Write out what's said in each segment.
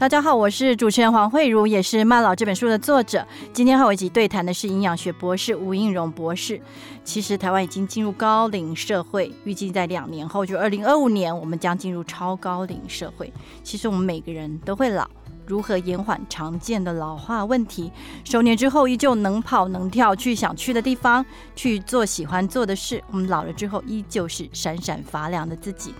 大家好，我是主持人黃惠如，也是《慢老》這本書的作者。今天和我一起對談的是營養學博士吳映蓉博士。其實台灣已經進入高齡社會，預計在兩年後，就二零二五年，我們將進入超高齡社會。其實我們每個人都會老，如何延緩常見的老化問題，熟年之後依舊能跑能跳，去想去的地方，去做喜歡做的事。我們老了之後，依舊是閃閃發亮的自己。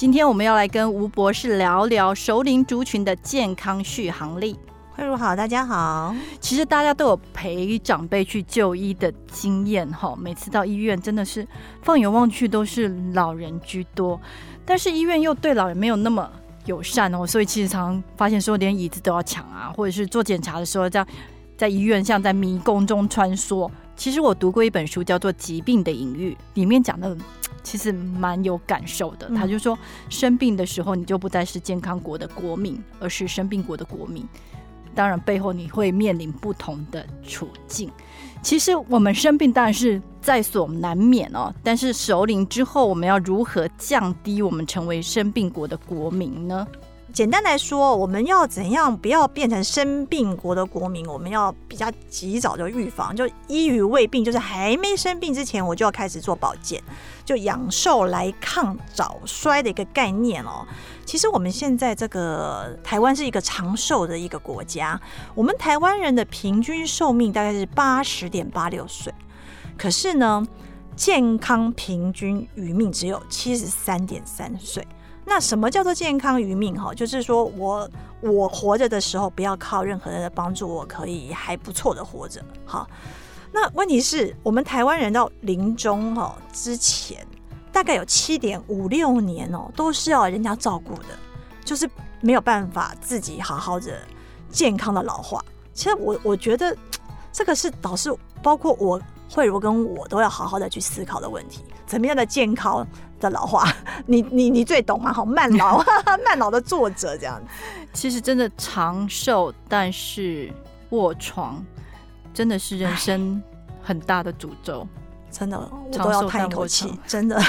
今天我們要來跟吳博士聊聊熟齡族群的健康續航力。惠如好，大家好。其實大家都有陪長輩去就醫的經驗，每次到醫院真的是放眼望去都是老人居多，但是醫院又對老人沒有那麼友善哦，所以其實常常發現說，連椅子都要搶啊，或者是做檢查的時候在在醫院像在迷宮中穿梭。其實我讀過一本書叫做《疾病的隱喻》，裡面講的。其實蠻有感受的，他就說生病的時候，你就不再是健康國的國民，而是生病國的國民。當然，背後你會面臨不同的處境。其實我們生病當然是在所難免哦，但是熟齡之後，我們要如何降低我們成為生病國的國民呢？簡單來說，我們要怎樣不要變成生病國的國民？我們要比較及早就預防，就醫於未病，就是還沒生病之前，我就要開始做保健，就養壽來抗早衰的一個概念哦。其實我們現在這個台灣是一個長壽的一個國家，我們台灣人的平均壽命大概是八十點八六歲，可是呢，健康平均餘命只有七十三點三歲。那什麼叫做健康餘命哈？就是說我我活着的時候不要靠任何人的幫助，我可以還不錯的活着。哈，那問題是我們台灣人到臨終哈之前，大概有七點五六年哦，都是要人家照顧的，就是沒有辦法自己好好的健康的老化。其實我我覺得這個是導致包括我，惠如跟我都要好好的去思考的問題，怎麼樣的健康的老化？你你你最懂嘛？好慢老。 慢老的作者這樣。其實真的長壽，但是臥床真的是人生很大的詛咒。真的，我、哦、都要嘆一口氣。真的。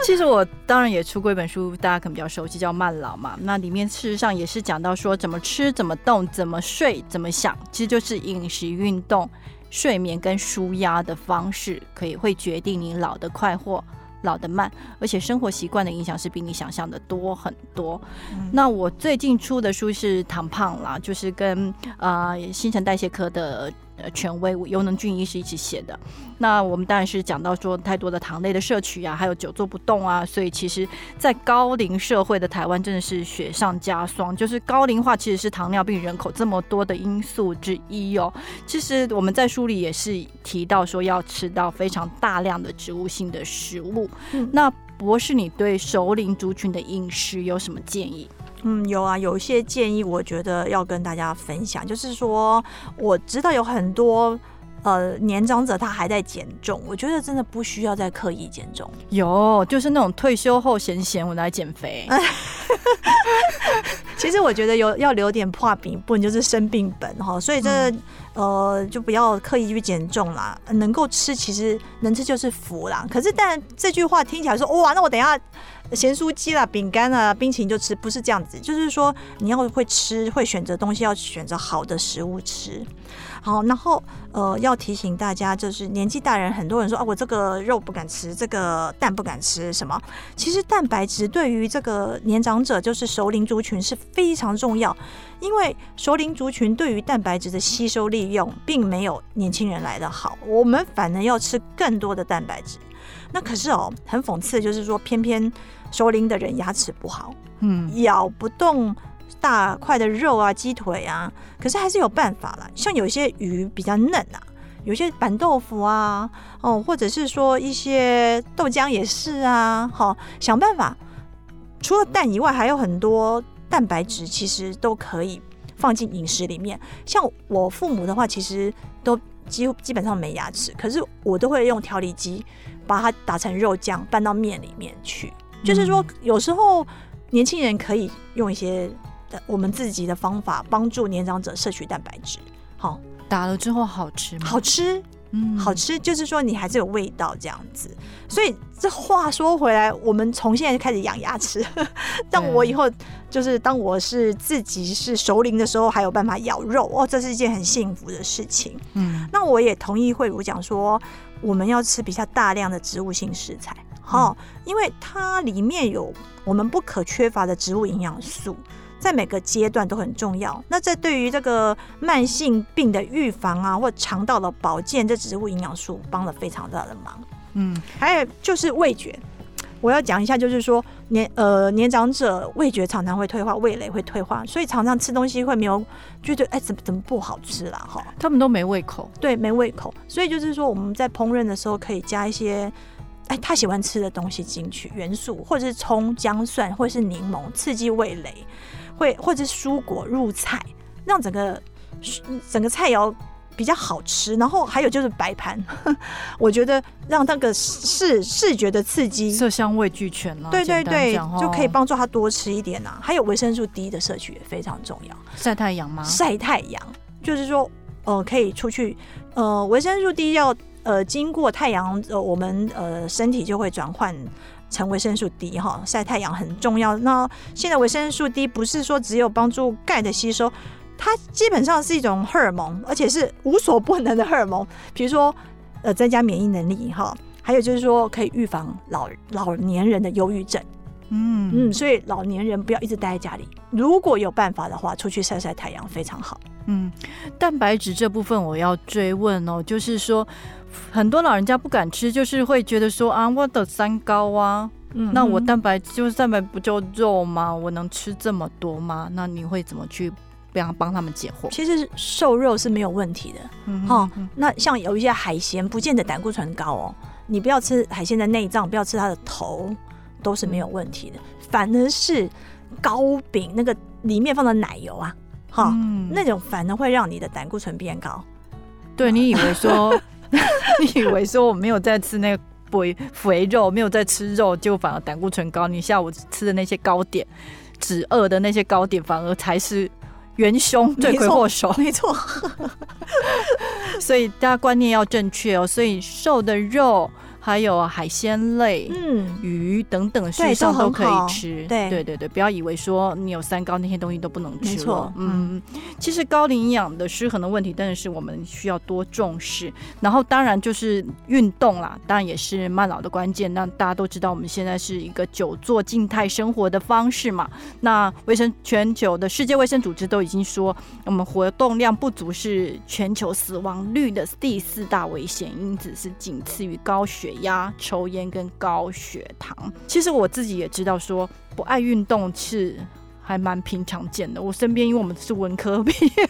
其實我當然也出過一本書，大家可能比較熟悉，叫《慢老》嘛。那裡面事實上也是講到說，怎麼吃，怎麼動，怎麼睡，怎麼想，其實就是飲食、運動。睡眠跟舒壓的方式，可以會決定你老得快或老得慢，而且生活習慣的影響是比你想象的多很多。嗯。那我最近出的書是《糖胖》啦，就是跟呃新陳代謝科的。呃，權威游能俊醫師是一起寫的。那我們當然是講到說太多的糖類的攝取啊，還有久坐不動啊，所以其實在高齡社會的台灣真的是雪上加霜。就是高齡化其實是糖尿病人口這麼多的因素之一哦、喔。其實我們在書裡也是提到說要吃到非常大量的植物性的食物。嗯、那博士，你對熟齡族群的飲食有什麼建議？嗯，有啊，有一些建議，我覺得要跟大家分享。就是說，我知道有很多呃年長者他還在減重，我覺得真的不需要再刻意減重。有，就是那種退休後閒閒，我來減肥。 其實我覺得有要留點怕、餅，不能就是生病本哈，所以這個嗯、呃就不要刻意去減重啦，能夠吃其實能吃就是福啦。可是但這句話聽起來說哇，那我等一下鹹酥雞啦、餅乾啊、冰淇淋就吃，不是這樣子，就是說你要會吃，會選擇東西，要選擇好的食物吃。好，然後呃，要提醒大家，就是年紀大人，很多人說啊，我這個肉不敢吃，這個蛋不敢吃，什麼？其實蛋白質對於這個年長者，就是熟齡族群是非常重要，因為熟齡族群對於蛋白質的吸收利用，並沒有年輕人來得好。我們反而要吃更多的蛋白質。那可是哦，很諷刺就是說，偏偏熟齡的人牙齒不好，嗯，咬不動。大塊的肉啊，雞腿啊，可是還是有辦法啦。像有些魚比較嫩啊，有些板豆腐啊，哦、嗯，或者是說一些豆漿也是啊，好，想辦法。除了蛋以外，還有很多蛋白質其實都可以放進飲食裡面。像我父母的話，其實都幾乎基本上沒牙齒，可是我都會用調理機把它打成肉醬，拌到麵裡面去。嗯、就是說，有時候年輕人可以用一些。我們自己的方法幫助年長者攝取蛋白質。好，打了之後好吃嗎？好吃，嗯，好吃，就是說你還是有味道這樣子。所以這話說回來，我們從現在就開始養牙齒， 但我以後就是當我是自己是熟齡的時候，還有辦法咬肉哦，這是一件很幸福的事情。嗯，那我也同意惠如講說，我們要吃比較大量的植物性食材，好，嗯、因為它裡面有我們不可缺乏的植物營養素。在每個階段都很重要。那在對於這個慢性病的預防啊，或腸道的保健，這植物營養素幫了非常大的忙。嗯，還有就是味覺，我要講一下，就是說年呃年長者味覺常常會退化，味蕾會退化，所以常常吃東西會沒有覺得哎怎麼怎麼不好吃啦、啊？哈。他們都沒胃口，對，沒胃口。所以就是說我們在烹飪的時候可以加一些哎、欸、他喜歡吃的東西進去，元素或者是蔥薑蒜或者是檸檬，刺激味蕾。會或者是蔬果入菜，讓整個整個菜餚比較好吃。然後還有就是擺盤，我覺得讓那個視視覺的刺激，色香味俱全啊。對對對，哦，就可以幫助他多吃一點啊。還有維生素 D 的攝取也非常重要。曬太陽嗎？曬太陽，就是說，呃，可以出去，呃，維生素 D 要呃經過太陽，呃，我們呃身體就會轉換。成維生素 D 哈，曬太陽很重要。那現在維生素 D 不是說只有幫助鈣的吸收，它基本上是一種荷爾蒙，而且是無所不能的荷爾蒙。比如說，呃，增加免疫能力哈，還有就是說可以預防老老年人的憂鬱症。嗯嗯，所以老年人不要一直待在家裡，如果有辦法的話，出去曬曬太陽非常好。嗯，蛋白質這部分我要追問哦，就是說很多老人家不敢吃，就是會覺得說啊，我的三高啊，嗯、那我蛋白就蛋白不就肉嗎？我能吃這麼多嗎？那你會怎麼去幫幫他們解惑？其實瘦肉是沒有問題的，哈、嗯哦。那像有一些海鮮，不見得膽固醇高哦，你不要吃海鮮的內臟，不要吃它的頭，都是沒有問題的。反而是糕餅那個裡面放的奶油啊。好、oh, 嗯，那種反而會讓你的膽固醇變高。對，你以為說， 你以為說我沒有在吃那個肥肥肉，沒有在吃肉，就反而膽固醇高。你下午吃的那些糕點，止餓的那些糕點，反而才是元兇，罪魁禍首。沒錯， 所以大家觀念要正確哦。所以瘦的肉。還有海鮮類、嗯魚等等上對，對，都可以吃。對，對，對，不要以為說你有三高，那些東西都不能吃。沒錯、嗯，嗯，其實高齡營養的失衡的問題，真的是我們需要多重視。然後，當然就是運動啦，當然也是慢老的關鍵。那大家都知道，我們現在是一個久坐靜態生活的方式嘛。那衛生，全球的世界衛生組織都已經說，我們活動量不足是全球死亡率的第四大危險因子，是僅次於高血液。壓、抽菸跟高血糖，其實我自己也知道說，說不愛運動是還蠻平常見的。我身邊，因為我們是文科畢業，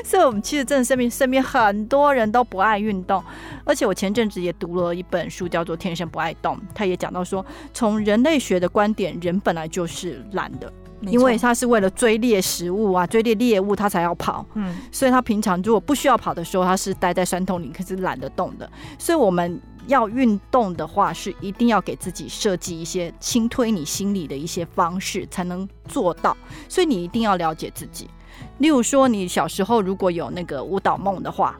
所以我們其實真的身邊身邊很多人都不愛運動。而且我前陣子也讀了一本書，叫做《天生不愛動》，他也講到說，從人類學的觀點，人本來就是懶的。因為他是為了追獵食物啊，追獵獵物，他才要跑。嗯，所以他平常如果不需要跑的時候，他是待在山洞裡，可是懶得動的。所以我們要運動的話，是一定要給自己設計一些輕推你心裡的一些方式，才能做到。所以你一定要了解自己。例如說，你小時候如果有那個舞蹈夢的話。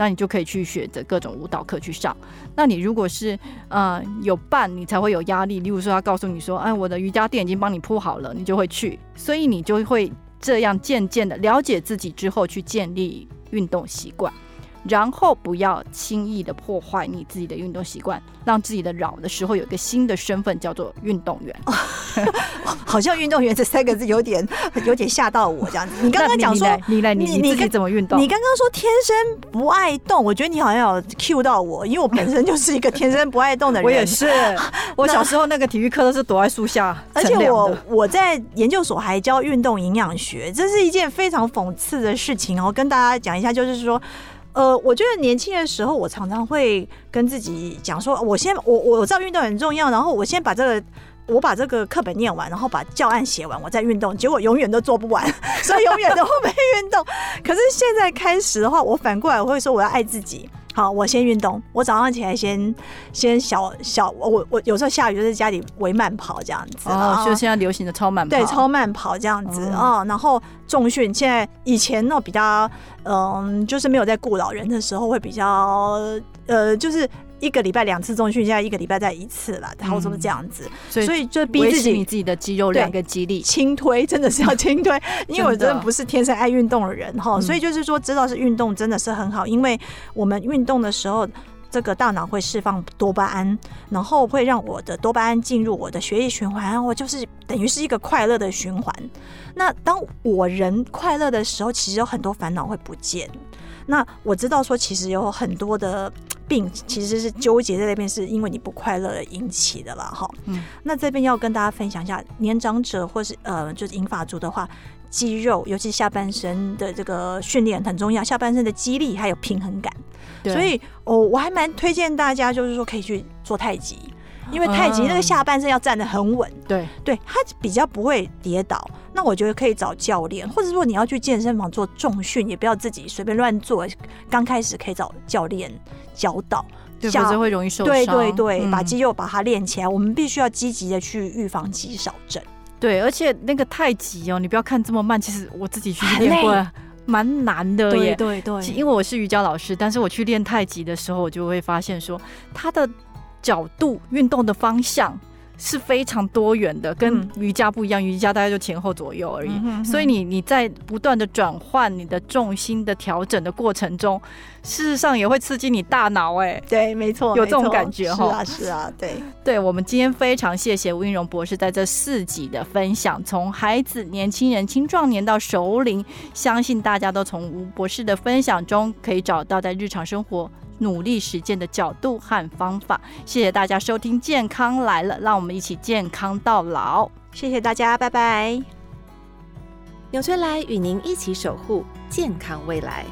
那你就可以去選擇各種舞蹈課去上。那你如果是呃有伴，你才會有壓力。例如說，他告訴你說，哎，我的瑜伽墊已經幫你鋪好了，你就會去。所以你就會這樣漸漸的了解自己之後，去建立運動習慣。然後不要輕易的破壞你自己的運動習慣，讓自己的老的時候有一個新的身份叫做運動員。 好像運動員這三個字有點， 有，點有點嚇到我這樣子。你剛剛講說你，你來你你你自己怎麼運動你你？你剛剛說天生不愛動，我覺得你好像有 cue 到我，因為我本身就是一個天生不愛動的人。 我也是， 我小時候那個體育課都是躲在樹下。而且我我在研究所還教運動營養學，這是一件非常諷刺的事情哦。然後跟大家講一下，就是說。呃，我覺得年輕的時候，我常常會跟自己講說，我先我我知道運動很重要，然後我先把這個我把這個課本念完，然後把教案寫完，我再運動。結果永遠都做不完， 所以永遠都會沒運動。可是現在開始的話，我反過來我會說，我要愛自己。好，我先運動。我早上起來先先小小，我我有時候下雨就在家裡圍慢跑這樣子。哦，然後，就現在流行的超慢跑，對，超慢跑這樣子、嗯、哦，然後重訓，現在以前呢比較，嗯，就是沒有在顧老人的時候會比較，呃，就是。一個禮拜兩次重訓，現在一個禮拜再一次了、嗯，然後怎是這樣子？所以就逼自己， 你自己的肌肉量跟肌力，輕推真的是要輕推， 因為我真的不是天生愛運動的人哈，所以就是說，知道是運動真的是很好、嗯，因為我們運動的時候，這個大腦會釋放多巴胺，然後會讓我的多巴胺進入我的血液循環，我就是等於是一個快樂的循環。那當我人快樂的時候，其實有很多煩惱會不見。那我知道說，其實有很多的病，其實是糾結在那邊，是因為你不快樂而引起的啦，哈、嗯。那這邊要跟大家分享一下，年長者或是呃，就是銀髮族的話，肌肉，尤其下半身的這個訓練很重要，下半身的肌力還有平衡感、對，所以哦，我還蠻推薦大家，就是說可以去做太極。因為太極那個下半身要站得很穩、嗯，對對，它比較不會跌倒。那我覺得可以找教練，或者說你要去健身房做重訓，也不要自己隨便亂做。剛開始可以找教練教導，否則會容易受傷。對對對、嗯，把肌肉把它練起來，我們必須要積極的去預防肌少症。對，而且那個太極哦、喔，你不要看這麼慢，其實我自己去練過，蠻難的耶。對對對，因為我是瑜伽老師，但是我去練太極的時候，我就會發現說它的。角度、運動的方向是非常多元的，跟瑜伽不一樣。嗯、瑜伽大概就前後左右而已，嗯、哼哼，所以你你在不斷的轉換你的重心的調整的過程中，事實上也會刺激你大腦。哎，對，沒錯，有這種感覺哈、哦啊，是啊，對，對。我們今天非常謝謝吳映蓉博士在這四集的分享，從孩子、年輕人、青壯年到熟齡，相信大家都從吳博士的分享中可以找到在日常生活，努力實踐的角度和方法，謝謝大家收聽《健康來了》，讓我們一起健康到老，謝謝大家，拜拜。紐崔萊與您一起守護健康未來。